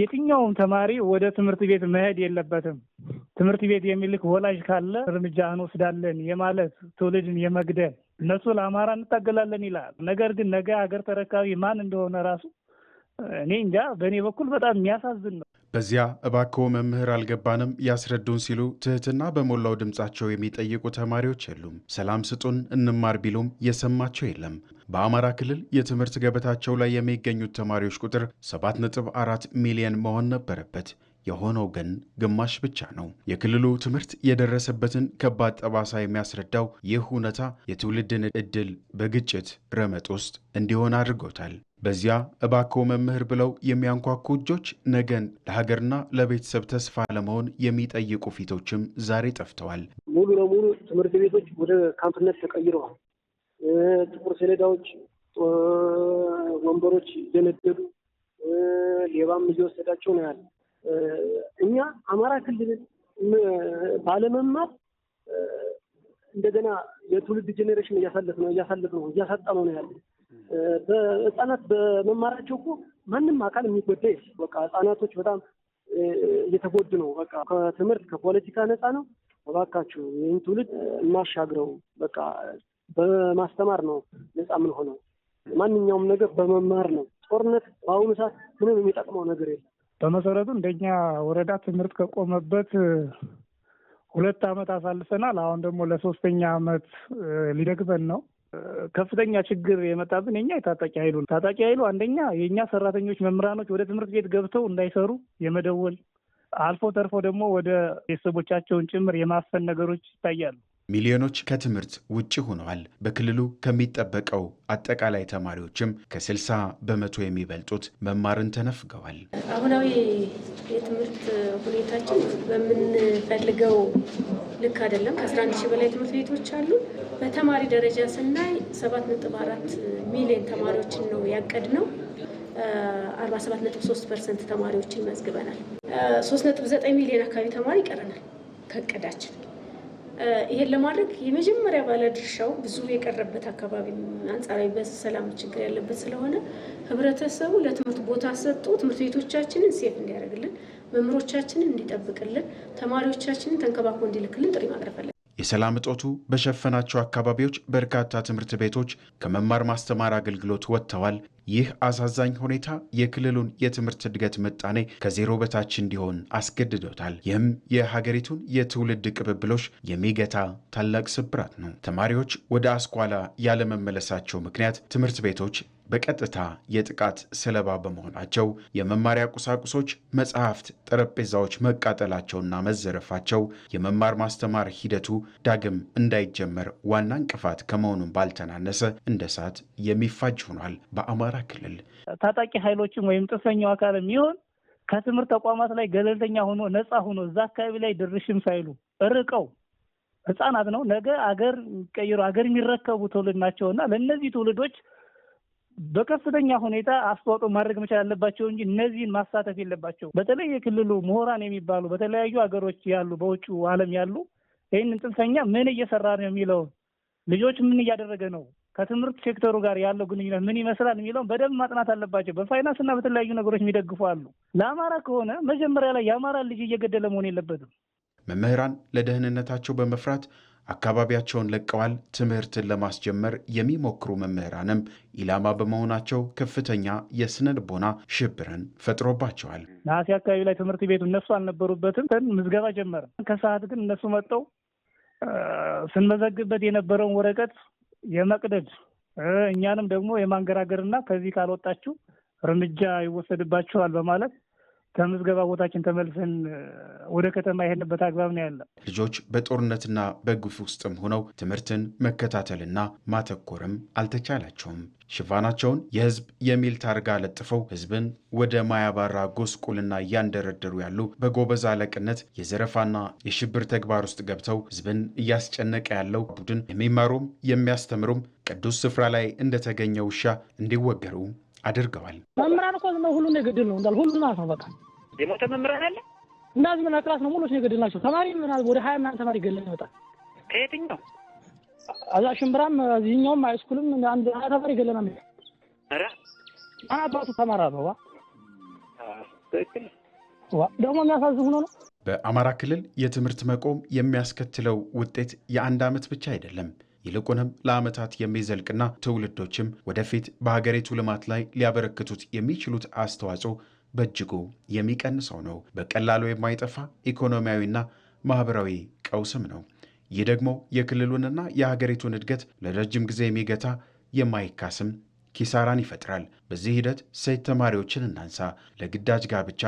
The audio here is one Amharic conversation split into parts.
የትኛውም ተማሪ ወደ ትምህርት ቤት መሄድ የለበትም። ትምህርት ቤት የሚልክ ወላጅ ካለ እርምጃ እንወስዳለን የማለት ትውልድን የመግደል እነሱ ለአማራ እንታገላለን ይላል። ነገር ግን ነገ ሀገር ተረካቢ ማን እንደሆነ ራሱ እኔ እንጃ። በእኔ በኩል በጣም የሚያሳዝን ነው። በዚያ እባክዎ መምህር አልገባንም ያስረዱን ሲሉ ትህትና በሞላው ድምፃቸው የሚጠይቁ ተማሪዎች የሉም። ሰላም ስጡን እንማር ቢሉም የሰማቸው የለም። በአማራ ክልል የትምህርት ገበታቸው ላይ የሚገኙት ተማሪዎች ቁጥር 7.4 ሚሊዮን መሆን ነበረበት። የሆነው ግን ግማሽ ብቻ ነው። የክልሉ ትምህርት የደረሰበትን ከባድ ጠባሳ የሚያስረዳው ይህ እውነታ የትውልድን ዕድል በግጭት ረመጥ ውስጥ እንዲሆን አድርጎታል። በዚያ እባክዎ መምህር ብለው የሚያንኳኩ እጆች፣ ነገን ለሀገርና ለቤተሰብ ተስፋ ለመሆን የሚጠይቁ ፊቶችም ዛሬ ጠፍተዋል። ሙሉ ለሙሉ ትምህርት ቤቶች ወደ ካምፕነት ተቀይረዋል። ጥቁር ሰሌዳዎች፣ ወንበሮች ይደነደሉ፣ ሌባም እየወሰዳቸው ነው ያለ። እኛ አማራ ክልል ባለመማር እንደገና የትውልድ ጄኔሬሽን እያሳለፍ ነው እያሳለፍ ነው እያሳጣ ነው ያለ። በህጻናት በመማራቸው እኮ ማንም አካል የሚጎዳ የለም። በቃ ህፃናቶች በጣም እየተጎዱ ነው። በቃ ከትምህርት ከፖለቲካ ነፃ ነው። እባካችሁ ይህን ትውልድ እናሻግረው በቃ በማስተማር ነው ነጻ ምን ሆነው። ማንኛውም ነገር በመማር ነው። ጦርነት በአሁኑ ሰዓት ምንም የሚጠቅመው ነገር የለም። በመሰረቱ እንደኛ ወረዳ ትምህርት ከቆመበት ሁለት አመት አሳልፈናል። አሁን ደግሞ ለሶስተኛ አመት ሊደግፈን ነው። ከፍተኛ ችግር የመጣብን የኛ የታጣቂ ኃይሉ ነው። ታጣቂ ኃይሉ አንደኛ የእኛ ሰራተኞች፣ መምህራኖች ወደ ትምህርት ቤት ገብተው እንዳይሰሩ የመደወል አልፎ ተርፎ ደግሞ ወደ ቤተሰቦቻቸውን ጭምር የማፈን ነገሮች ይታያሉ። ሚሊዮኖች ከትምህርት ውጭ ሆነዋል። በክልሉ ከሚጠበቀው አጠቃላይ ተማሪዎችም ከ60 በመቶ የሚበልጡት መማርን ተነፍገዋል። አሁናዊ የትምህርት ሁኔታችን በምንፈልገው ልክ አይደለም። ከ11 ሺህ በላይ ትምህርት ቤቶች አሉ። በተማሪ ደረጃ ስናይ 7.4 ሚሊዮን ተማሪዎችን ነው ያቀድ ነው 47.3 ፐርሰንት ተማሪዎችን መዝግበናል። 3.9 ሚሊዮን አካባቢ ተማሪ ይቀረናል ከእቅዳችን ይሄን ለማድረግ የመጀመሪያ ባለድርሻው ብዙ የቀረበት አካባቢ አንጻራዊ በሰላም ችግር ያለበት ስለሆነ ህብረተሰቡ ለትምህርት ቦታ ሰጡ ትምህርት ቤቶቻችንን ሴፍ እንዲያደርግልን፣ መምህሮቻችንን እንዲጠብቅልን፣ ተማሪዎቻችንን ተንከባክቦ እንዲልክልን ጥሪ ማቅረብ የሰላም እጦቱ በሸፈናቸው አካባቢዎች በርካታ ትምህርት ቤቶች ከመማር ማስተማር አገልግሎት ወጥተዋል። ይህ አሳዛኝ ሁኔታ የክልሉን የትምህርት እድገት ምጣኔ ከዜሮ በታች እንዲሆን አስገድዶታል። ይህም የሀገሪቱን የትውልድ ቅብብሎች የሚገታ ታላቅ ስብራት ነው። ተማሪዎች ወደ አስኳላ ያለመመለሳቸው ምክንያት ትምህርት ቤቶች በቀጥታ የጥቃት ሰለባ በመሆናቸው የመማሪያ ቁሳቁሶች፣ መጽሐፍት፣ ጠረጴዛዎች መቃጠላቸውና መዘረፋቸው የመማር ማስተማር ሂደቱ ዳግም እንዳይጀመር ዋና እንቅፋት ከመሆኑን ባልተናነሰ እንደ እሳት የሚፋጅ ሆኗል። በአማራ ክልል ታጣቂ ኃይሎችም ወይም ጽንፈኛው አካል የሚሆን ከትምህርት ተቋማት ላይ ገለልተኛ ሆኖ ነፃ ሆኖ እዛ አካባቢ ላይ ድርሽም ሳይሉ ርቀው ህጻናት ነው ነገ አገር ቀይሮ አገር የሚረከቡ ትውልድ እና ለእነዚህ ትውልዶች በከፍተኛ ሁኔታ አስተዋጽኦ ማድረግ መቻል አለባቸው እንጂ እነዚህን ማሳተፍ የለባቸው። በተለይ የክልሉ ምሁራን የሚባሉ በተለያዩ ሀገሮች ያሉ በውጭ ዓለም ያሉ ይህንን ጽንፈኛ ምን እየሰራ ነው የሚለው ልጆች ምን እያደረገ ነው ከትምህርት ሴክተሩ ጋር ያለው ግንኙነት ምን ይመስላል የሚለውን በደንብ ማጥናት አለባቸው። በፋይናንስ እና በተለያዩ ነገሮች የሚደግፉ አሉ። ለአማራ ከሆነ መጀመሪያ ላይ የአማራ ልጅ እየገደለ መሆን የለበትም። መምህራን ለደህንነታቸው በመፍራት አካባቢያቸውን ለቀዋል። ትምህርትን ለማስጀመር የሚሞክሩ መምህራንም ኢላማ በመሆናቸው ከፍተኛ የስነ ልቦና ሽብርን ፈጥሮባቸዋል። ነሐሴ አካባቢ ላይ ትምህርት ቤቱ እነሱ አልነበሩበትም፣ ምዝገባ ጀመረ። ከሰዓት ግን እነሱ መጠው ስንመዘግብበት የነበረውን ወረቀት የመቅደድ እኛንም ደግሞ የማንገራገርና ከዚህ ካልወጣችሁ እርምጃ ይወሰድባችኋል በማለት ከምዝገባ ቦታችን ተመልሰን ወደ ከተማ የሄድንበት አግባብ ነው ያለው። ልጆች በጦርነትና በግፍ ውስጥም ሆነው ትምህርትን መከታተልና ማተኮርም አልተቻላቸውም። ሽፋናቸውን የህዝብ የሚል ታርጋ ለጥፈው ህዝብን ወደ ማያባራ ጎስቁልና እያንደረደሩ ያሉ በጎበዝ አለቅነት የዘረፋና የሽብር ተግባር ውስጥ ገብተው ህዝብን እያስጨነቀ ያለው ቡድን የሚማሩም የሚያስተምሩም ቅዱስ ስፍራ ላይ እንደተገኘ ውሻ እንዲወገሩ አድርገዋል። መምህራን እኮ ሁሉን የገደል ነው እንዳል ሁሉን በቃ የሞተ መምህራን አለ እና ምን ብላ ክላስ ነው ሙሉ ነው የገደልናቸው። ተማሪ ምናምን ወደ ሀያ ምናምን ተማሪ ገለን ይወጣል። ከየትኛው እዛ ሽምብራም እዚህኛውም ሃይስኩልም አንድ ሀያ ተማሪ ገለናል። ኧረ ማን አባቱ ተማራ ነው ዋ ደግሞ የሚያሳዝን ሆኖ ነው። በአማራ ክልል የትምህርት መቆም የሚያስከትለው ውጤት የአንድ ዓመት ብቻ አይደለም። ይልቁንም ለዓመታት የሚዘልቅና ትውልዶችም ወደፊት በሀገሪቱ ልማት ላይ ሊያበረክቱት የሚችሉት አስተዋጽኦ በእጅጉ የሚቀንሰው ነው። በቀላሉ የማይጠፋ ኢኮኖሚያዊና ማህበራዊ ቀውስም ነው። ይህ ደግሞ የክልሉንና የሀገሪቱን እድገት ለረጅም ጊዜ የሚገታ የማይካስም ኪሳራን ይፈጥራል። በዚህ ሂደት ሴት ተማሪዎችን እናንሳ። ለግዳጅ ጋብቻ፣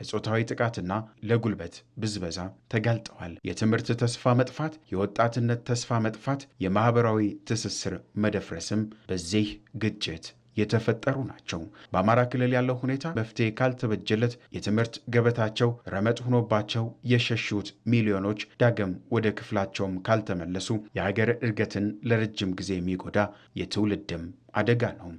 ለጾታዊ ጥቃትና ለጉልበት ብዝበዛ ተጋልጠዋል። የትምህርት ተስፋ መጥፋት፣ የወጣትነት ተስፋ መጥፋት፣ የማህበራዊ ትስስር መደፍረስም በዚህ ግጭት የተፈጠሩ ናቸው። በአማራ ክልል ያለው ሁኔታ መፍትሄ ካልተበጀለት የትምህርት ገበታቸው ረመጥ ሆኖባቸው የሸሹት ሚሊዮኖች ዳግም ወደ ክፍላቸውም ካልተመለሱ የሀገር እድገትን ለረጅም ጊዜ የሚጎዳ የትውልድም አደጋ ነው።